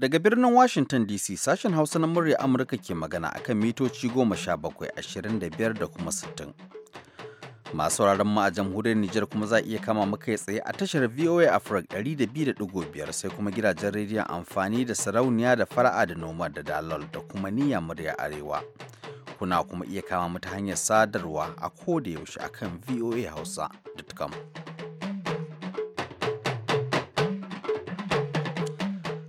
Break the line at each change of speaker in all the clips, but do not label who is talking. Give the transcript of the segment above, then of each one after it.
Daga birnin Washington DC sashen Hausa na murya Amurka ke magana akan mitoci goma sha bakwai ashirin da biyar da kuma sittin. Masu sauraron mu a jamhuriyar Nijar kuma za iya kama mu tsaye a tashar VOA Africa biyar sai kuma gidajen rediyon amfani da sarauniya da fara'a da noma da dalal da kuma niyya murya arewa. Kuna kuma iya kama mu ta hanyar sadarwa a koda yaushe akan hausa.com.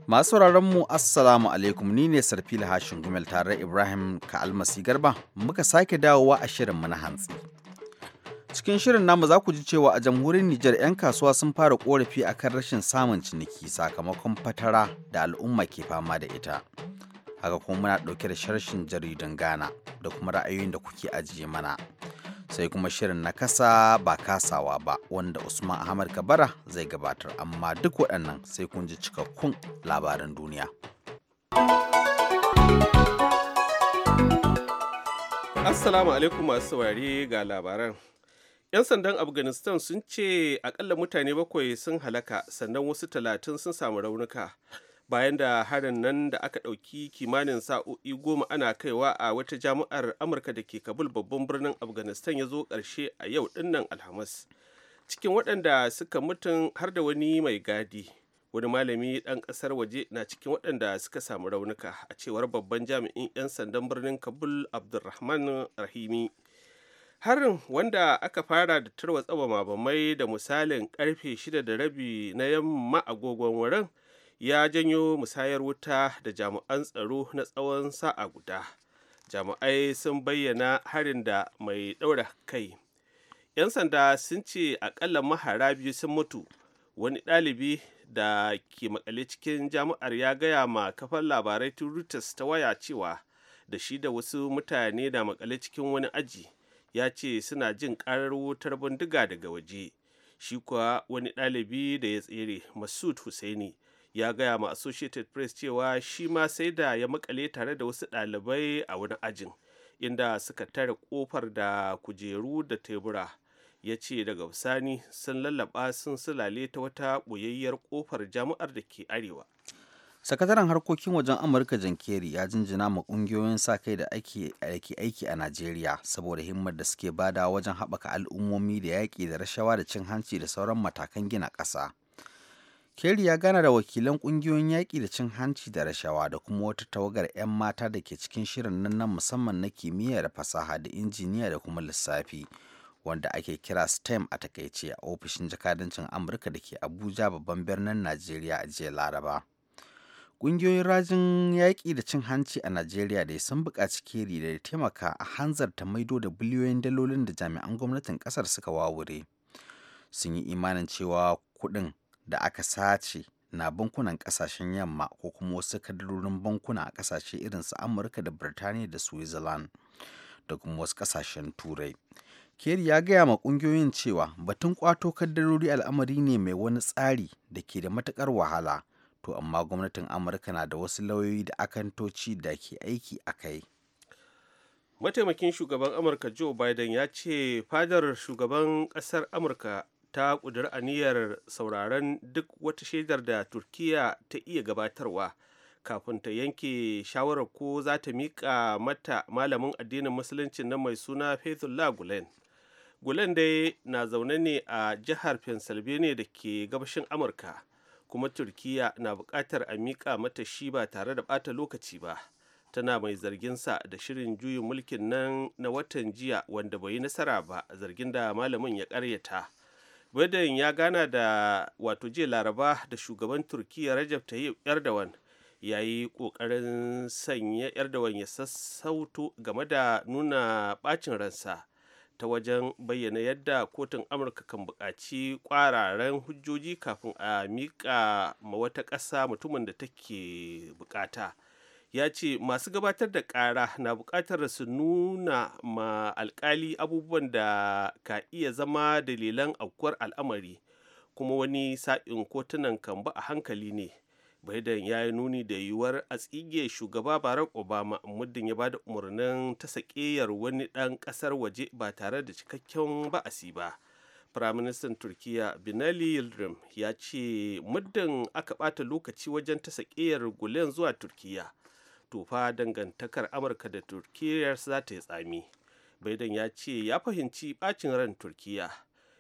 Masu mu Assalamu alaikum ni ne Sarfila Hashin Gumel tare Ibrahim ka almasi garba muka sake dawowa a shirinmu na hantsi. Cikin shirin namu za ku ji cewa a jamhuriyar Nijar 'yan kasuwa sun fara korafi akan rashin samun ciniki sakamakon fatara da al'umma ke fama da ita. Haka kuma muna ɗauke da sharshin jaridan Ghana da kuma ra'ayoyin da kuke ajiye mana. sai kuma shirin na kasa ba kasawa ba wanda Usman Ahmad Kabara zai gabatar amma duk waɗannan sai kun ji cikakkun labaran duniya.
Assalamu alaikum masu saurari ga labaran. 'Yan sandan Afghanistan sun ce akalla mutane bakwai sun halaka sannan wasu talatin sun samu raunuka. bayan da harin nan da aka ɗauki kimanin sa'o'i goma ana kaiwa a wata jami'ar amurka da ke kabul babban birnin afghanistan ya zo ƙarshe a yau dinnan alhamis cikin waɗanda suka mutun har da wani mai gadi wani malami ɗan ƙasar waje na cikin waɗanda suka samu raunuka a cewar babban jami'in 'yan sandan birnin kabul abdulrahman rahimi harin wanda aka fara da tarwatsa mabamai da misalin karfe shida da rabi na yamma agogon wurin ya janyo musayar wuta da jami'an tsaro na tsawon sa'a guda jami'ai sun bayyana harin da mai ɗaura kai 'yan sanda sun ce akalla mahara biyu sun mutu wani ɗalibi da ke makale cikin jami'ar ya gaya ma kafar labarai turutus ta waya cewa da shi da wasu mutane da makale cikin wani aji ya ce suna jin karar wutar bindiga daga waje shi kuwa wani ɗalibi da ya tsere masud Hussaini. ya gaya ma associated press cewa shi ma sai da ya makale tare da wasu ɗalibai a wani ajin inda suka tare kofar da kujeru da tebura ya ce daga bisani sun lallaba sun sulale ta wata ɓoyayyar kofar jami'ar da ke arewa
sakataren harkokin wajen amurka jan kerry ya jinjina ma kungiyoyin sa kai da ake aiki a najeriya saboda himmar da suke bada wajen haɓaka al'ummomi da yaƙi da rashawa da cin hanci da sauran matakan gina ƙasa Kerry ya gana da wakilan kungiyoyin yaƙi da cin hanci da rashawa da kuma wata tawagar 'yan mata da ke cikin shirin nan na musamman na kimiyya da fasaha da injiniya da kuma lissafi wanda ake kira STEM a takaice a ofishin jakadancin Amurka da ke Abuja babban birnin Najeriya a jiya Laraba. kungiyoyin rajin yaƙi da cin hanci a Najeriya da sun buƙaci keri da ya taimaka a hanzarta maido da biliyoyin dalolin da jami'an gwamnatin ƙasar suka wawure. Sun yi imanin cewa kuɗin da aka sace na bankunan kasashen yamma ko kuma wasu kadarorin bankuna a kasashe irin su amurka da birtaniya da switzerland da kuma wasu kasashen turai keri ya gaya ma kungiyoyin cewa batun kwato kaddarori al'amari ne mai wani tsari da ke da matukar wahala to amma gwamnatin amurka na da wasu lauyoyi da akantoci da ke aiki
a kai mataimakin shugaban amurka joe biden ya ce fadar shugaban kasar amurka ta ƙudiri aniyar sauraron duk wata shaidar da turkiya ta iya gabatarwa kafin ta yanke shawarar ko za ta miƙa mata malamin addinin musulunci na mai suna faithullah gulen gulen dai na zaune ne a jihar pennsylvania da ke gabashin amurka kuma turkiya na buƙatar a miƙa mata shi ba tare da ɓata lokaci ba tana mai zarginsa da shirin juyin mulkin nan na watan jiya wanda bai yi nasara ba zargin da malamin ya ƙaryata biden ya gana da wato jiya laraba da shugaban Turkiyya rajab tayyip erdogan ya yi ƙoƙarin sanya erdogan ya sassauto game da nuna ɓacin ransa ta wajen bayyana yadda kotun amurka kan buƙaci ƙwararen hujjoji kafin a miƙa ma wata ƙasa mutumin da take buƙata. bukata ya ce masu gabatar da ƙara na buƙatar su nuna ma alƙali abubuwan da ka iya zama dalilan aukuwar al'amari kuma wani sa'in kotunan kan ba a hankali ne biden ya yi nuni da yiwuwar a tsige shugaba barack obama muddin ya ba da umarnin ta sakeyar wani ɗan ƙasar waje ba tare da cikakken ba'asi ba firaministan turkiya binali yildirim ya ce muddin aka ɓata lokaci wajen ta sakeyar gulen zuwa turkiya tufa dangantakar amurka da turkiyya za ta yi tsami baidan ya ce ya fahimci bacin ran turkiyya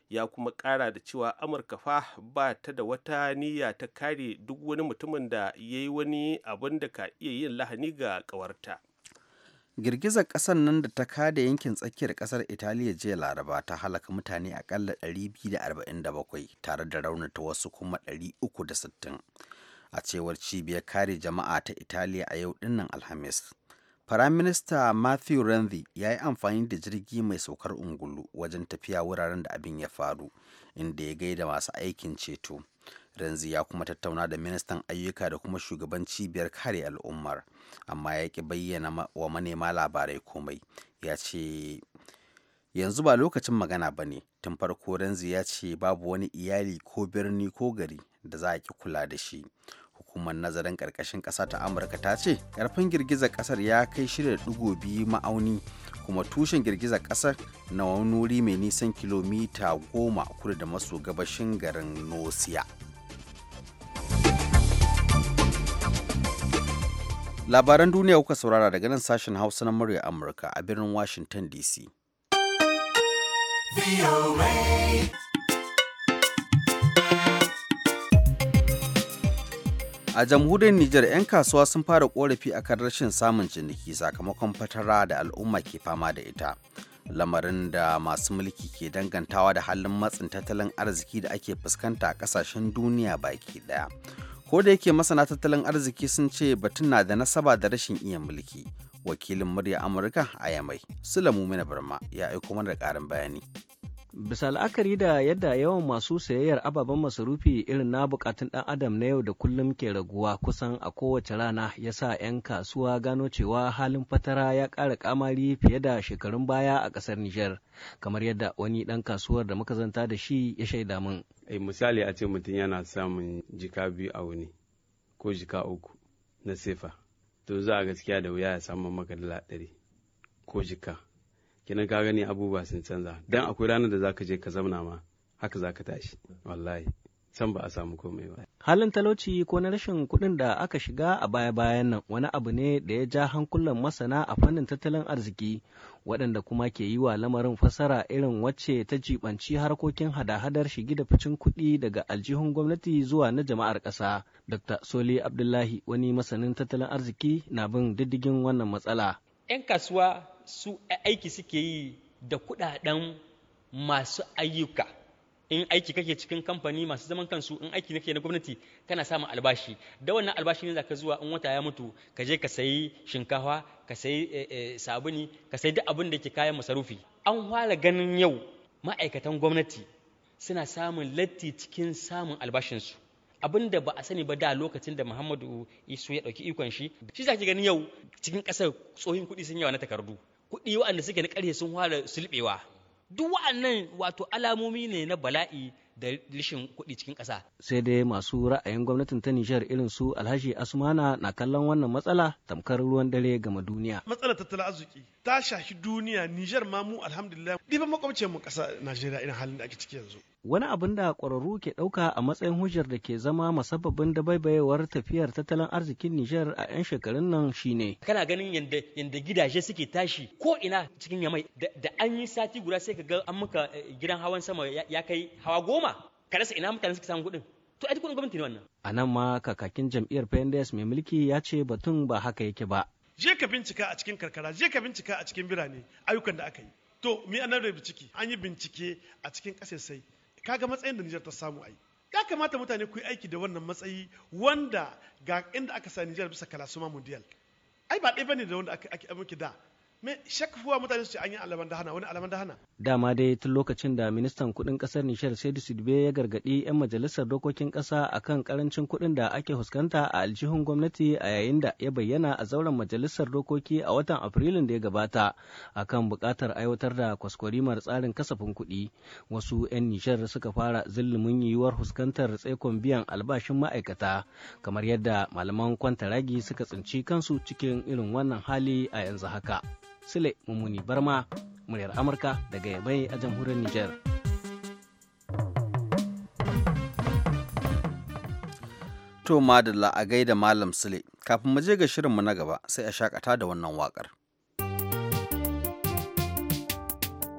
ya kuma kara da cewa amurka fa ba ta da wata niyya ta kare duk wani mutumin da ya yi wani abin da ka iya yin lahani ga kawarta
girgizar kasar nan da ta kada yankin tsakiyar kasar italiya jiya laraba ta halaka mutane akalla 247 tare da raunata wasu kuma 360 a cewar cibiyar kare jama'a ta Italiya a yau dinnan Alhamis. Firaminista Matthew Renzi ya yi amfani da jirgi mai saukar ungulu wajen tafiya wuraren da abin ya faru, inda ya gaida masu aikin ceto. Renzi ya kuma tattauna da ministan ayyuka da kuma shugaban cibiyar kare al'ummar, amma ya ki bayyana wa manema labarai komai. Ya ce, Yanzu ba lokacin magana ba ne, tun farko Renzi ya ce babu wani iyali ko birni ko gari da za a ki kula da shi. hukumar nazarin ƙarƙashin ƙasa ta amurka ta ce karfin girgizar ƙasar ya kai shirya ɗigo biyu ma'auni kuma tushen girgizar ƙasar na wani wuri mai nisan kilomita goma kudu da maso gabashin garin nosiya labaran duniya kuka saurara daga nan sashen hausa na murya amurka a birnin washington dc A jamhuriyar Nijar 'yan kasuwa sun fara korafi akan rashin samun ciniki sakamakon fatara da al'umma ke fama da ita. Lamarin da masu mulki ke dangantawa da halin matsin tattalin arziki da ake fuskanta a kasashen duniya baki daya. Ko da yake masana tattalin arziki sun ce batun na da nasaba da rashin iya mulki. Wakilin murya Amurka a Yamai, Sulamu Mina Barma ya aiko mana da ƙarin bayani.
bisa la'akari da yadda yawan masu sayayyar ababen masarufi irin na bukatun ɗan adam na yau da kullum ke raguwa kusan a kowace rana ya sa 'yan kasuwa gano cewa halin fatara ya kara kamari fiye da shekarun baya a ƙasar nijar kamar yadda wani dan kasuwar da muka zanta da shi ya shaida min
eh, misali a ce mutum yana samun jika biyu a wuni ko jika uku na sefa to za a gaskiya da wuya ya samu maka dala ɗari ko jika kenan ka gani abubuwa sun canza dan akwai ranar da zaka je ka zauna ma haka zaka tashi wallahi can ba a samu komai ba. Halin
talauci ko na rashin kuɗin da aka shiga a baya-bayan nan wani abu ne da ya ja hankulan masana a fannin tattalin arziki waɗanda kuma ke yi wa lamarin fasara irin wacce ta jibanci harkokin hada-hadar shigi da ficin kuɗi daga aljihun gwamnati zuwa na jama'ar ƙasa. Dr. Soli Abdullahi wani masanin tattalin arziki na bin diddigin wannan matsala.
'Yan kasuwa su aiki suke yi da kuɗaɗen masu ayyuka in aiki kake cikin kamfani masu zaman kansu in aiki nake na gwamnati kana samun albashi da wannan albashi ne zaka zuwa in wata ya mutu ka je ka sayi shinkafa ka sayi eh, eh, sabuni ka sayi duk abin da ke kayan masarufi an fara ganin yau ma'aikatan gwamnati suna samun latti cikin samun albashinsu abin da ba a sani ba da lokacin da Muhammadu iso ya ɗauki ikon shi shi zaki ganin yau cikin ƙasar tsohin kuɗi sun yawa na takardu kuɗi waɗanda suke na ƙarhe sun fara sulɓewa duk wa'annan wato alamomi ne na bala'i da rashin kuɗi cikin ƙasa.
Sai dai masu ra'ayin gwamnatin ta Nijar irin su Alhaji Asmana na kallon wannan matsala tamkar ruwan dare gama duniya.
Matsalar tattalin arziki ta shafi duniya Nijar ma mu alhamdulillah ɗiban makwabcin mu ƙasa Najeriya irin halin da ake ciki yanzu.
wani abin da ƙwararru ke ɗauka a matsayin hujjar da ke zama masababin da baibayewar tafiyar tattalin arzikin Nijar a 'yan shekarun nan shine.
Kana ganin yadda gidaje suke tashi ko ina cikin yamai da an yi sati guda sai ka ga an muka eh, gidan hawan sama ya kai hawa goma. Ka rasa ina mutane suka samu kuɗin. To ai kuɗin gwamnati ne wannan.
A nan ma kakakin jam'iyyar PNDS mai mulki ya ce batun ba haka yake ba.
Je ka bincika a cikin karkara, je ka bincika a cikin birane ayyukan da aka yi. To, mi da ciki, an yi bincike a cikin sai. kaga matsayin da Nijar ta samu ai ya kamata mutane ku yi aiki da wannan matsayi wanda ga inda aka sa Nijar bisa suma mundial ai ba ɗaya bane da wanda aka ake da me shakfuwa mutane su ce an yi alaman da hana wani alaman da hana
dama dai tun lokacin da ministan kudin kasar nishar saidu sidibe ya gargadi 'yan majalisar dokokin kasa akan karancin kudin da ake fuskanta a aljihun gwamnati a yayin da ya bayyana a zauren majalisar dokoki a watan afrilun da ya gabata akan bukatar aiwatar da kwaskwarimar tsarin kasafin kuɗi wasu 'yan nishar suka fara zillumin yiwuwar fuskantar tsaikon biyan albashin ma'aikata kamar yadda malaman kwantaragi suka tsinci kansu cikin irin wannan hali a yanzu haka. Sule Mamuni Barma, muryar Amurka daga Yabai a jamhuriyar Nijar.
To madalla a gaida Malam Sule, kafin mu je ga mu na gaba sai a shakata da wannan wakar.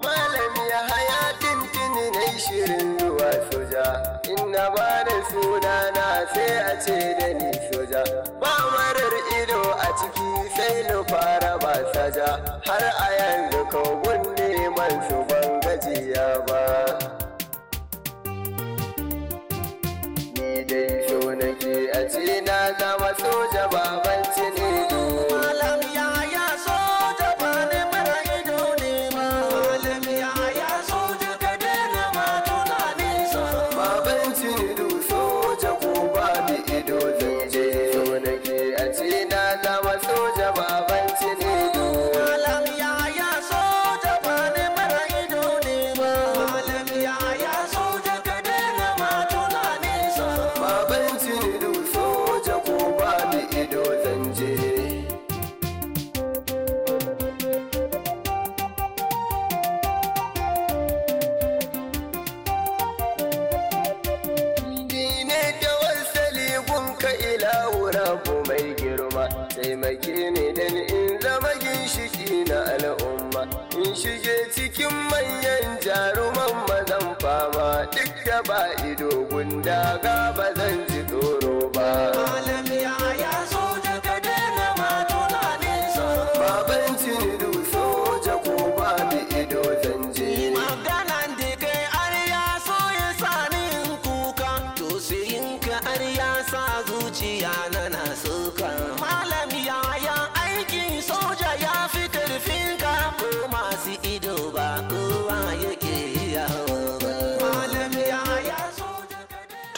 Malami ya haya tintini na shirin ruwa soja, inna ba da sunana sai a ce da ni soja, ba marar ido a ciki sai har a yanzu kogo abu mai girma taimake ni dan in zama ginshiki na al'umma in shige cikin manyan jaruman mazan fama duk da ba ido gunda ga ba zan ji tsoro ba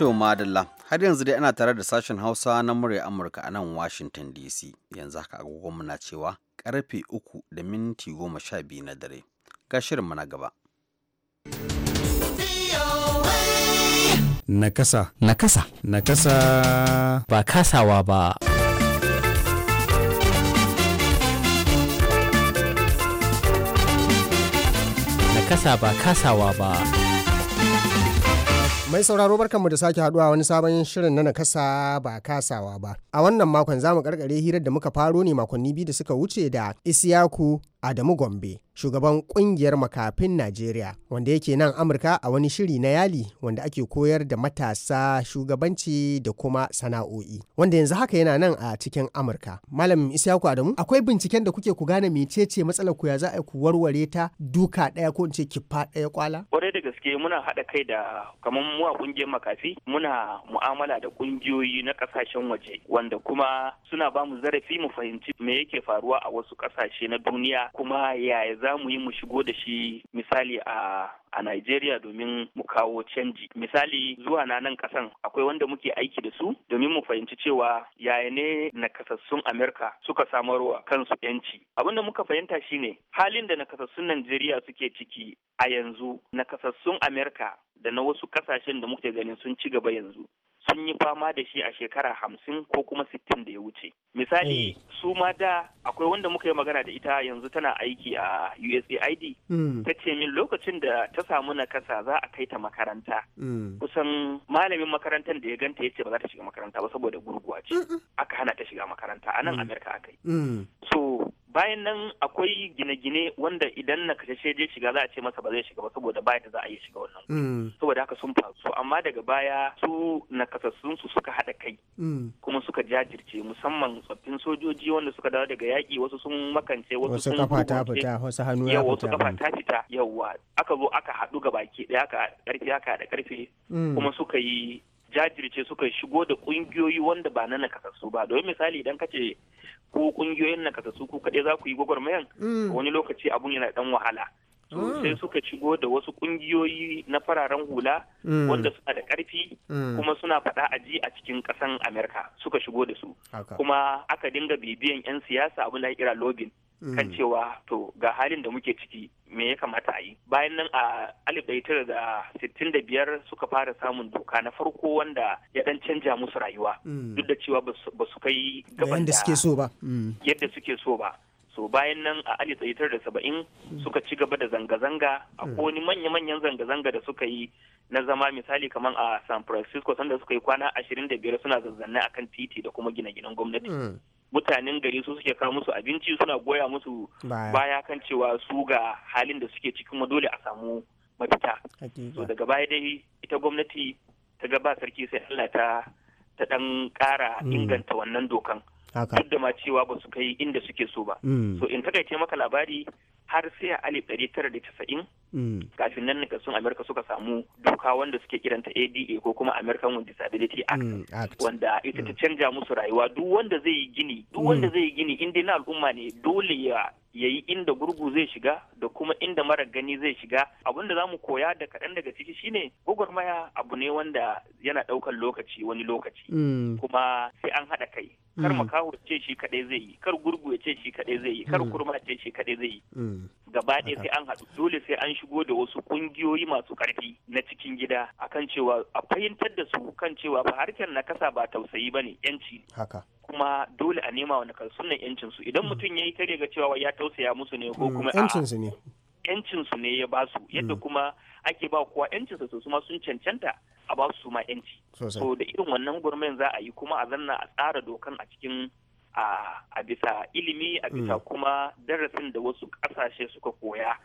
To madalla, har yanzu dai ana tare da sashen Hausa na murya Amurka a nan Washington DC. Yanzu haka agogon muna cewa karfe uku da minti goma sha biyu na dare. Ga shirinmu na gaba. Nakasa. Nakasa. Nakasa.
Ba kasawa ba. Nakasa ba kasawa ba.
Mai sauraro barkanmu da sake haduwa wani sabon shirin na nakasa ba kasawa ba. A wannan makon zamu karkare hirar da muka faro ne makonni biyu da suka wuce da Isiyaku Adamu Gombe, shugaban kungiyar makafin Najeriya, wanda yake nan Amurka a wani shiri na yali wanda ake koyar da matasa shugabanci da kuma sana'o'i, wanda yanzu haka yana nan a cikin Amurka. Malam Ishaku Adamu, akwai binciken da kuke ku gane mecece matsalar ku ya za a ku warware ta duka ɗaya ko in ce kifa ɗaya kwala?
Kwarai
da gaske muna haɗa kai da kamar mu a kungiyar makafi muna mu'amala da kungiyoyi na ƙasashen waje wanda kuma suna ba mu zarafi mu fahimci me yake faruwa a wasu ƙasashe na duniya kuma yaya za mu yi mu shigo da shi misali a a Najeriya domin mu kawo canji. Misali zuwa na nan kasan akwai wanda muke aiki da su domin mu fahimci cewa yaya ne nakasassun Amerika suka samarwa kansu yanci. Abin da muka fahimta shine halin da nakasassun Najeriya suke ciki a yanzu nakasassun Amerika da na wasu kasashen da muke ganin sun ci gaba yanzu sun yi fama da shi a shekara hamsin ko kuma sittin da ya wuce misali eh. su ma da akwai wanda muka yi magana da ita yanzu tana aiki a usaid hmm. ta ce min lokacin da ta samu nakasa za a kai ta makaranta hmm. kusan malamin makarantar da ya ganta ya ce ba za ta shiga makaranta ba saboda gurguwa ce aka hana ta shiga makaranta a nan hmm. amerika aka yi so bayan nan akwai gine-gine wanda idan na kashe je shiga za a ce masa ba zai shiga ba saboda baya da za a yi shiga wannan mm. saboda haka sun faso. amma daga baya su kasassun su suka haɗa kai mm. kuma suka jajirce musamman tsoffin sojoji wanda suka dawo daga yaƙi wasu sun makance wasu sun kafa ta fita wasu hannu ya wasu kafa ta fita yawa aka zo aka haɗu ga baki ɗaya aka karfe aka da karfe.
Mm.
kuma suka
yi jajirce suka shigo da kungiyoyi wanda ba na nakasassu ba domin misali idan kace ko kungiyoyin nakasassu ku kaɗai za ku yi gwagwarmayan mm. wani lokaci abun yana ɗan wahala Ah. sai suka shigo da wasu kungiyoyi na fararen hula mm. wanda suna da karfi mm. kuma suna faɗa a ji a cikin kasan amerika suka shigo da su kuma aka dinga bibiyan 'yan siyasa abu na kira lobin mm. kan cewa to ga halin da muke ciki me ya kamata a yi bayan nan a alif da sittin da biyar suka fara samun doka na farko wanda ya dan canja musu rayuwa duk da cewa ba su kai gaban yadda suke so ba so bayan nan a alif tsayitar da saba'in suka ci gaba da zanga-zanga a wani manya-manyan zanga-zanga da suka yi na zama misali kamar a san francisco sanda suka yi kwana ashirin da biyar suna zazzanne a kan titi da kuma gine-ginen gwamnati hmm. mutanen gari su suke kawo musu abinci suna goya musu baya kan cewa su ga halin da suke cikin ma dole a samu mafita so daga baya dai ita gwamnati ta gaba sarki sai allah ta ta dan kara hmm. inganta wannan dokan duk da ma cewa ba su kai inda suke so ba mm. so in takaice maka labari har sai a alif ɗari tara da casa'in mm. kafin nan nakasun amerika suka samu doka wanda suke kiranta ada ko kuma american with disability mm,
act wanda
ita ta canja musu rayuwa duk wanda zai yi gini duk wanda zai yi gini in dai na al'umma ne dole ya ya yi inda gurgu zai shiga da kuma inda mara gani zai shiga abin da za mu koya da kaɗan daga ciki shine gwagwarmaya abu ne wanda yana ɗaukar lokaci wani lokaci hmm. kuma sai an haɗa kai kar hmm. makaho ce shi kaɗai zai yi kar gurgu ya ce shi kaɗai zai yi kar hmm. kurma ce shi kaɗai zai yi gaba ɗaya sai an haɗu dole sai an shigo da wasu ƙungiyoyi masu ƙarfi na cikin gida akan cewa a fahimtar da su kan cewa fa harkar kasa ba tausayi ba ne yanci haka kuma dole a nema wani nakarsun nan yancin su idan hmm. mutum ya yi kare ga cewa ya tausaya musu ne ko hmm, kuma yancin su ne yancin su ne ya basu yadda hmm. kuma ake ba kowa yancin su su ma sun cancanta a ba su ma yanci so da irin wannan gurmen za a yi kuma a zanna a tsara dokan a cikin a bisa ilimi a bisa kuma darasin da wasu kasashe suka koya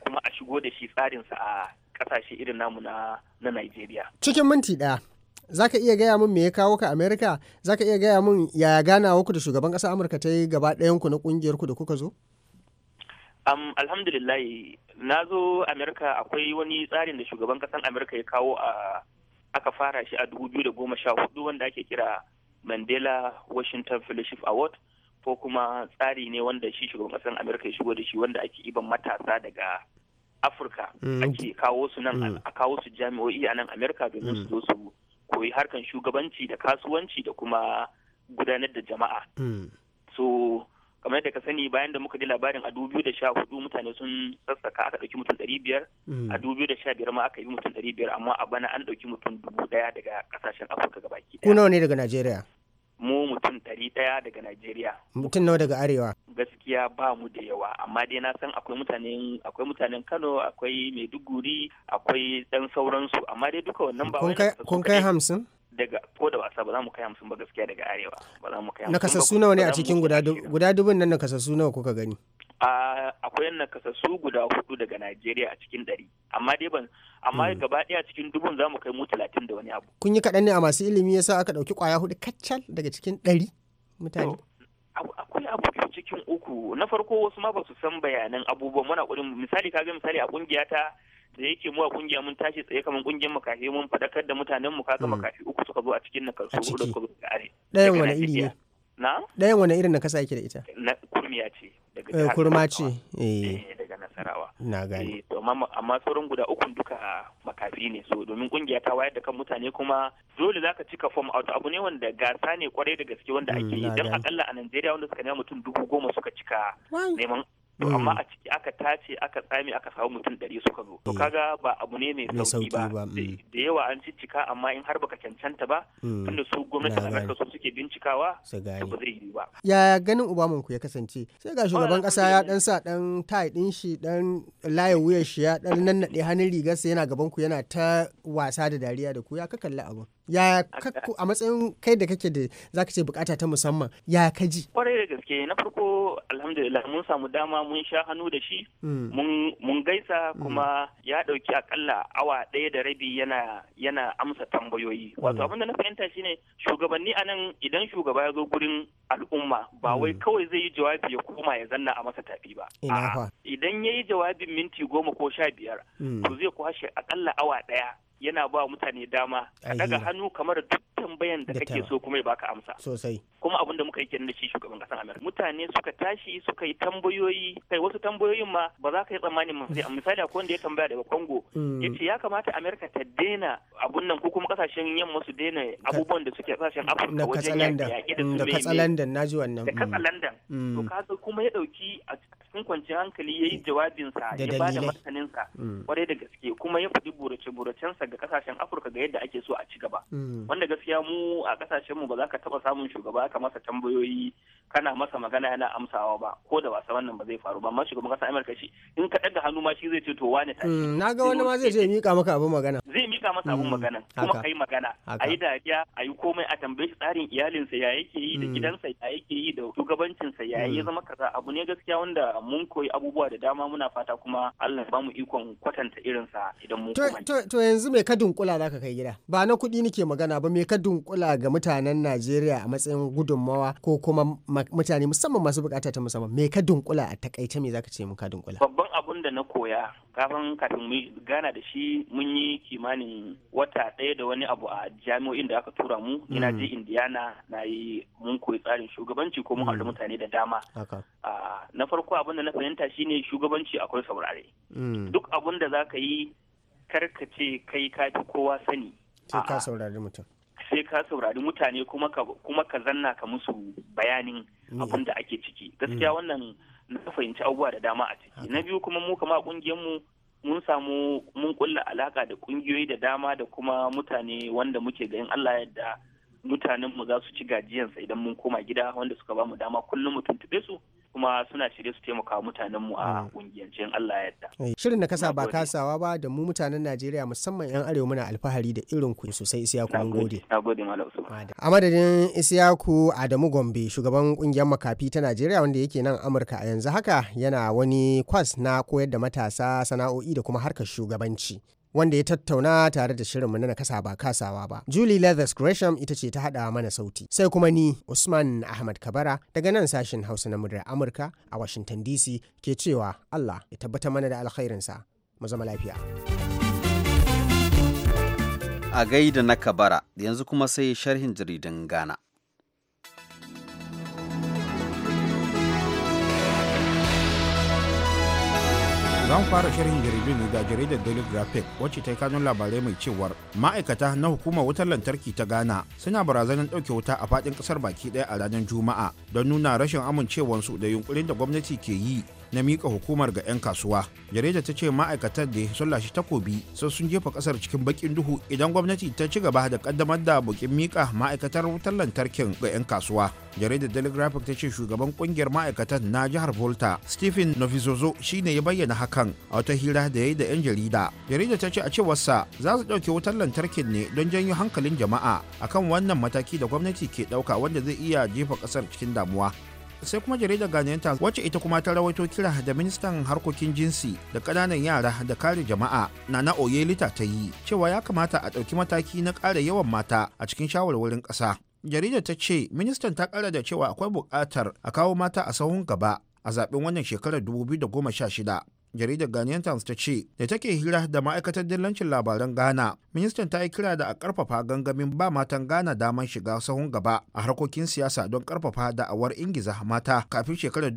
kuma a shigo da shi tsarinsa a kasashe irin namu na Najeriya.
Cikin minti ɗaya. za ka iya gaya min me ya kawo ka amerika za iya gaya min yaya ganawa ku da shugaban kasa amurka ta yi gaba ku na kungiyar ku da kuka zo
um, alhamdulillah na zo amerika akwai wani tsarin da shugaban kasan amerika ya kawo a aka fara shi a biyu da sha hudu wanda ake kira mandela washington fellowship award ko kuma tsari ne wanda shi shugaban kasan amerika ya shigo da shi wanda ake iban matasa daga afirka mm. ake kawo su nan mm. a kawo su jami'o'i a nan amerika domin su zo su koyi harkan shugabanci da kasuwanci da kuma gudanar da jama'a hmm. so kamar yadda ka sani bayan da muka ji labarin a dubu da sha hudu mutane sun sassaka aka ɗauki mutum ɗari biyar hmm. a dubu da sha biyar ma aka yi mutum ɗari biyar amma a bana an ɗauki mutum dubu ɗaya daga ƙasashen afirka gabaki
kuna ne daga najeriya
mu mutum ɗari ɗaya daga Najeriya.
Mutum nawa daga Arewa?
Gaskiya ba mu da yawa, amma dai na san akwai mutanen akwai mutanen Kano, akwai Maiduguri, akwai ɗan sauransu, amma dai duka wannan ba wani. Kun kai hamsin? daga ko da wasa ba za mu kai hamsin ba gaskiya daga arewa ba za mu kai hamsin nakasassu nawa ne a cikin
guda dubun nan nakasassu nawa kuka gani
akwai nakasassu guda hudu daga Najeriya a cikin ɗari amma dai ban amma hmm. gaba ɗaya cikin dubun za mu kai mu talatin da wani abu.
Kun yi kaɗan ne a masu ilimi yasa aka ɗauki ƙwaya hudu kacal daga cikin ɗari mutane.
Akwai abu cikin uku na farko wasu ma ba su san bayanan abubuwan muna ƙudin misali kaga misali a ƙungiya ta da yake mu a ƙungiya mun tashi tsaye kamar kungiyar makafi mun faɗakar da mutanen mu kaga hmm. makafi uku suka zo a cikin na kansu da kuma are.
Ɗayan wani iri ne. na ɗayan wani irin na kasa yake da ita
na kurmiya ce daga eh, kurma ce
eh. eh daga
nasarawa na gani eh, to amma sauran guda ukun duka ah, makafi ne so domin kungiya ta wayar da kan mutane kuma dole zaka cika form out abu ne wanda gasa ne kwarai da gaske wanda ake mm, yi dan akalla a Najeriya wanda suka nema mutum dubu goma suka cika neman to amma mm. a ciki aka tace aka tsame aka samu mutum ɗari suka zo to mm. kaga ba abu ne mai
sauki ba mm.
da yawa an ciccika amma in har baka cancanta ba tunda su gwamnati Amurka su suke bincikawa to ba zai yi ba
yaya ganin ubaman ku ya kasance sai ga shugaban kasa ya dan sa dan tai din shi dan laye wuyar shi ya dan nannade hannun rigarsa yana gaban ku yana ta wasa da dariya da ku ya ka kalli abun yaya a matsayin kai da kake da zaka ce bukata ta musamman ya ka ji
kwarai da gaske na farko alhamdulillah mun samu dama mun sha hannu da shi hmm. mun gaisa hmm. kuma ya dauki akalla awa ɗaya da rabi yana amsa tambayoyi hmm. wato abin da na fahimta shine shugabanni a nan idan shugaba ya zo gurin al'umma ba wai kawai zai yi jawabi ya koma ya zanna a masa tafi ba idan ya yi jawabin minti goma ko sha biyar to zai kwashe akalla awa ɗaya yana ba mutane dama ka daga hannu kamar duk tambayan da kake so kuma ya baka amsa sosai kuma abin da muka yi kenan da shi shugaban kasar Amerika mutane suka tashi suka yi tambayoyi kai wasu tambayoyin ma ba za ka yi tsammanin ma sai misali akwai wanda ya tambaya daga Congo mm. yace ya kamata Amerika ta daina abun nan ko kuma kasashen yamma su daina abubuwan da suke kasashen Afirka wajen yaƙi da su da mm, katsalandan naji wannan da katsalandan mm. to ka ga kuma ya dauki a cikin kwanciyar hankali yayi jawabinsa ya bada martaninsa kwarai da gaske kuma ya faɗi burace-buracensa daga kasashen afirka ga yadda ake so a ci gaba mm. wanda gaskiya mu a kasashen mu ba za ka taba samun shugaba ka masa tambayoyi kana masa magana yana amsawa ba ko da wasa wannan ba zai faru ba amma shugaban kasa amurka shi in ka daga hannu ma shi zai ce to wane ta. Mm, na ga wani ma zai ce mika
maka abin magana zai
mika masa abin mm, magana kuma kai magana a yi dariya a yi komai a tambaye shi tsarin iyalinsa ya yake yi da gidansa ya yake yi da shugabancinsa ya yi zama kaza abu ne gaskiya wanda mun koyi abubuwa da dama muna fata kuma Allah ba mu ikon kwatanta irinsa idan mun
to yanzu me me ka dunkula za ka kai gida ba na kuɗi nake magana ba me ka dunkula ga mutanen najeriya a matsayin gudunmawa ko kuma mutane musamman masu bukata ta musamman me ka dunkula a takaice me za ka ce mun ka dunkula babban
abun da na koya kafin kafin mu gana da shi mun yi kimanin wata ɗaya da wani abu a jami'o'in da aka tura mu ina mm. je indiana na yi mun koyi tsarin shugabanci ko mun haɗu mm. mutane da dama na farko abin da na fahimta shine shugabanci akwai saurare mm. duk abun da za ka yi kar ka ce kai ka fi kowa sani
sai ka saurari mutum
sai ka saurari mutane kuma ka zanna ka musu bayanin abin da ake ciki mm. gaskiya wannan na fahimci abubuwa da dama a ciki na biyu kuma mu kama kungiyar mu mun samu mun kulla alaka da kungiyoyi da dama da kuma mutane wanda muke ga Allah yadda mutanenmu mu za su ci gajiyansa idan mun koma gida wanda suka ba mu dama kullum mu tuntube su kuma suna shirye su taimaka mutanen mu a kungiyance mm. Allah yadda.
Eh, shirin na kasa ba kasawa ba da mu mutanen Najeriya musamman 'yan arewa muna alfahari da irin ku sosai Isiyaku mun gode. A madadin Isiyaku Adamu Gombe shugaban kungiyar makafi ta Najeriya wanda yake nan Amurka a yanzu haka yana wani kwas na koyar da matasa sana'o'i da kuma harkar shugabanci. wanda ya tattauna tare da shirinmu na nakasa ba kasawa ba. Julie Leathers Gresham ita ce ta haɗa mana sauti. Sai kuma ni Usman Ahmad Kabara daga nan sashen Hausa na Murar Amurka a Washington DC ke cewa Allah ya tabbata mana da alkhairinsa. Mu zama lafiya.
A gaida na Kabara yanzu kuma sai sharhin jaridan Ghana.
zan fara shirin jaridu ne da jaridar daily graphic wacce ta yi kanun labarai mai cewar ma'aikata na hukumar wutar lantarki ta ghana suna barazanar ɗauke wuta a faɗin ƙasar baki ɗaya a ranar juma'a don nuna rashin amincewarsu da yunkurin da gwamnati ke yi na mika hukumar ga 'yan kasuwa Jareja ta ce ma'aikatar da sun lashe takobi sun sun jefa ƙasar cikin bakin duhu idan gwamnati ta ci gaba da ƙaddamar da bukin miƙa ma'aikatar wutar lantarkin ga 'yan kasuwa jaridar telegraphic ta ce shugaban ƙungiyar ma'aikatan na jihar volta stephen novizozo ne ya bayyana hakan a wata hira da ya yi da 'yan jarida jaridar ta ce a cewarsa za su ɗauke wutar lantarkin ne don janyo hankalin jama'a akan wannan mataki da gwamnati ke ɗauka wanda zai iya jefa ƙasar cikin damuwa sai kuma jaridar Ghanaian wacce ita kuma ta rawaito kira da ministan harkokin jinsi da kananan yara da kare jama'a Nana Oyelita ta yi cewa ya kamata a ɗauki mataki na ƙara yawan mata a cikin shawarwarin ƙasa. Jaridar ta ce ministan ta ƙara da cewa akwai buƙatar a kawo mata a sahun gaba a zaɓen wannan shekarar 2016. jaridar Ghanaian Times ta ce da take hira da ma'aikatar dillancin labaran Ghana. Ministan ta yi kira da a karfafa gangamin ba matan Ghana daman shiga sahun gaba a harkokin siyasa don karfafa da'awar ingiza mata kafin shekarar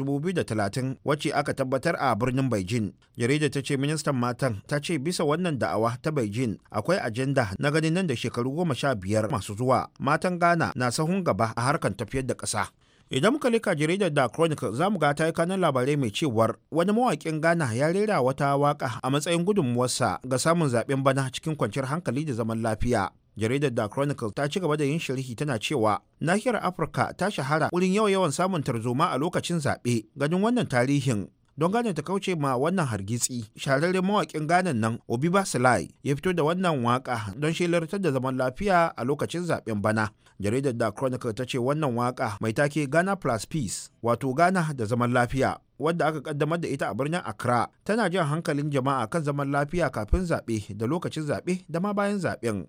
talatin wacce aka tabbatar a birnin Beijing. Jaridar ta ce ministan matan ta ce bisa wannan da'awa ta Beijing akwai ajanda na ganin nan da shekaru goma sha biyar masu zuwa matan Ghana na sahun gaba a harkar tafiyar da ƙasa. idan muka lika jaridar da chronicle za mu ga ta yi kanan labarai mai cewar wani mawaƙin ghana ya rera wata waƙa a matsayin gudunmuwarsa ga samun zaɓen bana cikin kwanciyar hankali da zaman lafiya jaridar da chronicle ta ci gaba da yin sharhi tana cewa nahiyar afirka ta shahara wurin yawan samun tarzoma a lokacin zaɓe ganin wannan tarihin don gane ta kauce ma wannan hargitsi. Shahararren mawakin Ghana nan Obi Basilai ya fito da wannan waka don shelartar da zaman lafiya a lokacin zaben bana. Jaridar da Chronicle ta ce wannan waka mai take Ghana Plus Peace wato Ghana da zaman lafiya wadda aka kaddamar da ita a birnin Accra tana jan hankalin jama'a kan zaman lafiya kafin zaɓe da lokacin zaɓe da ma bayan zaɓen.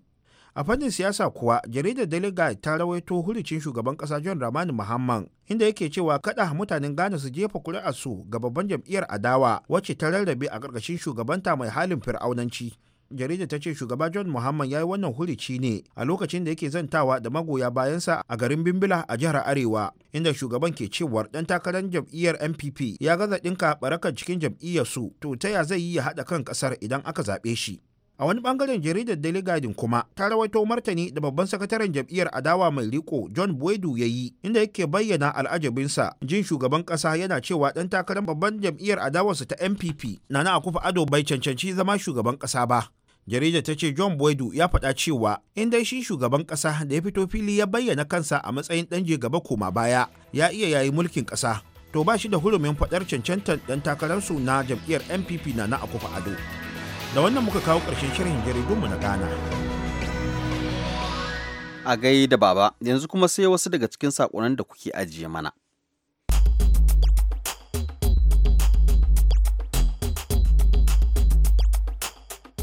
a fannin siyasa kuwa jaridar delegate ta rawaito hulicin shugaban kasa john ramani muhamman inda yake cewa kada mutanen ghana su jefa kuri'arsu ga babban jam'iyyar adawa wacce ta rarrabe a ƙarƙashin shugabanta mai halin fir'aunanci jaridar ta ce shugaba john muhammad ya yi wannan hulici ne a lokacin da yake zantawa da magoya bayansa a garin bimbila a jihar arewa inda shugaban ke cewa dan takarar jam'iyyar npp ya gaza ɗinka barakar cikin jam'iyyar su, to ta ya zai yi ya haɗa kan ƙasar idan aka zaɓe shi a wani bangaren jaridar daily guardian kuma ta rawaito martani da babban sakataren jam'iyyar adawa mai riko john boydu ya yi inda yake bayyana al'ajabinsa jin shugaban kasa yana cewa ɗan takarar babban jam'iyyar adawarsa ta na na akufa ado bai cancanci zama shugaban kasa ba jaridar ta ce john boydu ya faɗa cewa in dai shi shugaban kasa da ya fito fili ya bayyana kansa a matsayin ɗan gaba koma baya ya iya yayi mulkin kasa to ba shi da hurumin faɗar cancantar ɗan takararsu na jam'iyyar npp na akufa ado. da wannan muka kawo ƙarshen shirin jaridunmu na Ghana.
A gai da baba, yanzu kuma sai wasu daga cikin saƙonan da kuke ajiye mana.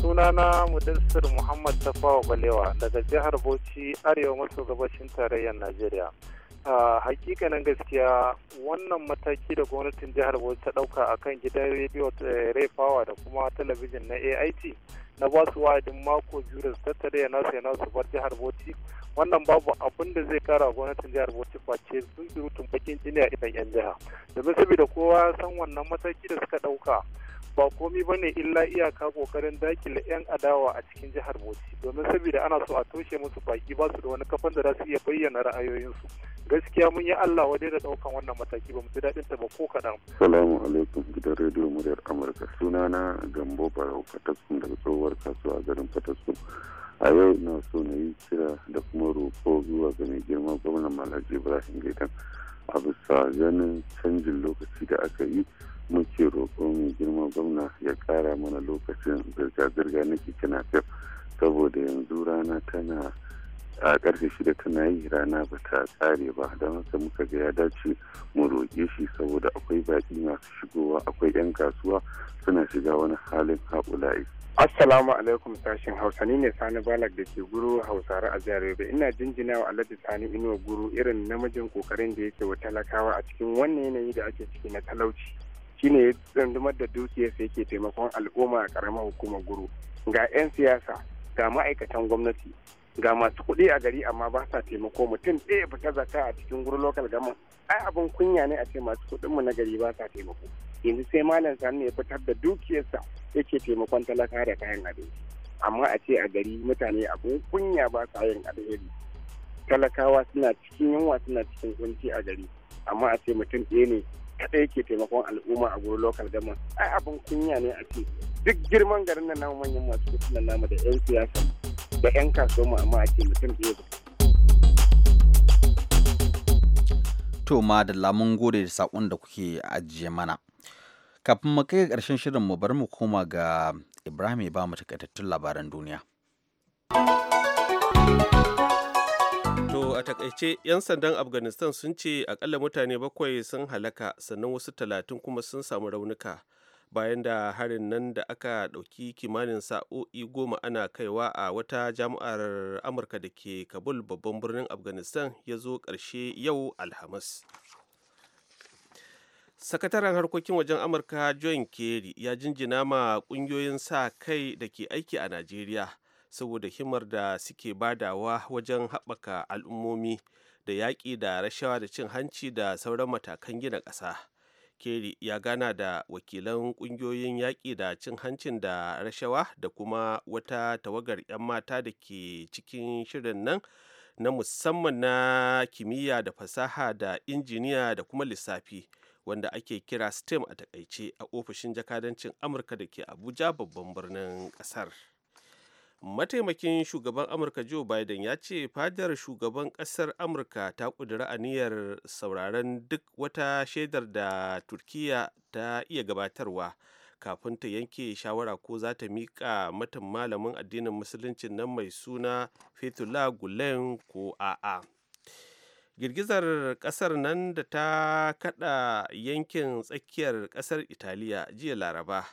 sunana mudassir muhammad tafawa balewa daga jihar bauchi arewa maso gabashin tarayyar najeriya a hakikanin gaskiya wannan mataki da gwamnatin jihar bauchi ta dauka a kan gidan rediyo eh, power da kuma talabijin na ait na ba su wa'adin mako biyu da su tattare ya nasu ya nasu bar jihar bauchi wannan babu abin da zai kara gwamnatin jihar bauchi face sun surutun bakin jiniya idan yan jiha domin saboda kowa san wannan mataki da suka dauka ba komi ba ne illa iyaka kokarin dakile 'yan adawa a cikin jihar bauchi domin saboda ana so a toshe musu baki ba su da wani kafan da za su iya bayyana ra'ayoyinsu gaskiya mun yi Allah wadai da daukan wannan mataki ba mu ji daɗin ta ba ko kaɗan.
Salamu alaikum
gidan rediyo muryar Amurka sunana Gambo Barau Fataskun daga tsohuwar kasuwa garin Fataskun. A yau na so na yi kira da kuma roƙo zuwa ga mai girma gwamnan malaji Ibrahim Gaitan a bisa ganin canjin lokaci da aka yi muke roƙo mai girma gwamna ya ƙara mana lokacin zirga-zirga na keke napep saboda yanzu rana tana a ƙarfe shida tana yi rana ba ta ƙare ba don haka muka ga ya dace mu roƙe shi saboda akwai baƙi masu shigowa akwai 'yan kasuwa suna shiga wani halin haƙula'i. Assalamu alaikum sashen Hausa ni ne Sani Balak da ke guru Hausare a jihar Yobe. Ina jinjina wa Alhaji Sani Inuwa guru irin namijin kokarin da yake wa talakawa a cikin wannan yanayi da ake ciki na talauci. shine ya tsundumar da dukiyarsa ke taimakon al'umma a karamar hukumar guru ga 'yan siyasa ga ma'aikatan gwamnati ga masu kuɗi a gari amma ba sa taimako mutum ɗaya fita zata a cikin guru lokal gama ai abin kunya ne a ce masu kuɗinmu na gari ba sa taimako yanzu sai malam sani ya fitar da dukiyarsa yake taimakon talaka da kayan abinci amma a ce a gari mutane abin kunya ba sa yin alheri talakawa suna cikin yunwa suna cikin kunci a gari amma a ce mutum ɗaya ne kaɗai ke taimakon al'umma a gurin local government ai abin kunya ne a ce duk girman garin nan namu manyan masu kuɗi nan namu da 'yan siyasa da 'yan kasuwa amma a ce mutum ɗaya ba
to ma da lamun gode da sakon da kuke ajiye mana kafin mu kai karshen shirin mu bari mu koma ga ibrahim ya ba mu takaitattun labaran duniya
a takaice 'yan sandan Afghanistan sun ce akalla mutane bakwai sun halaka sannan wasu talatin kuma sun samu raunuka bayan da harin nan da aka ɗauki kimanin sa'o'i goma ana kaiwa a wata jami'ar Amurka da ke Kabul babban birnin Afghanistan ya zo karshe yau Alhamis. sakataren harkokin wajen amurka john kerry ya jinjina ma kungiyoyin sa kai da ke aiki a najeriya saboda himar da suke badawa wajen haɓaka al'ummomi da yaƙi da rashawa da cin hanci da sauran matakan gina ƙasa keri ya gana da wakilan ƙungiyoyin yaƙi da cin hancin da rashawa da kuma wata tawagar 'yan mata da ke cikin shirin nan na musamman na kimiyya da fasaha da injiniya da kuma lissafi wanda ake kira stem a takaice a ofishin jakadancin amurka da ke abuja babban birnin ƙasar. mataimakin shugaban amurka joe biden ya ce fadar shugaban kasar amurka ta kudura aniyar sauraron duk wata shaidar da turkiya ta iya gabatarwa kafin ta yanke shawara ko za ta miƙa matan malamin addinin musuluncin nan mai suna fetula gulen ko a'a girgizar kasar nan da ta kada yankin tsakiyar kasar italiya jiya laraba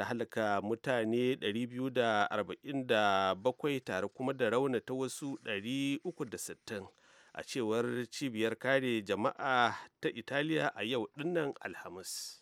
ta halaka mutane 247 tare kuma da rauna ta wasu 360 a cewar cibiyar kare jama'a ta italiya a yau dinnan alhamis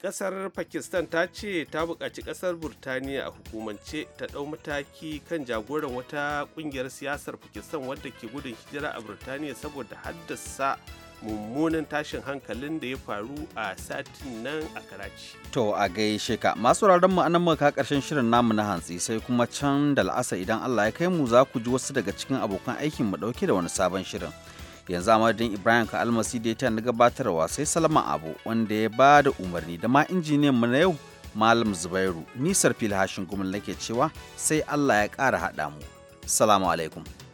kasar pakistan ta ce ta buƙaci kasar burtaniya a hukumance ta ɗau mataki kan jagoran wata ƙungiyar siyasar pakistan wadda ke gudun hijira a burtaniya saboda haddasa mummunan tashin hankalin da ya faru a satin nan a karaci
to a gaishe ka masu raron mu anan muka karshen shirin namu na hantsi sai kuma can da la'asa idan allah ya kai mu za ku ji wasu daga cikin abokan aikin mu dauke da wani sabon shirin yanzu a madadin ibrahim ka almasi da ya na gabatarwa sai salama abu wanda ya ba da umarni da ma injiniyan mu na yau malam zubairu nisar fil hashin gumin nake cewa sai allah ya kara haɗa mu salamu alaikum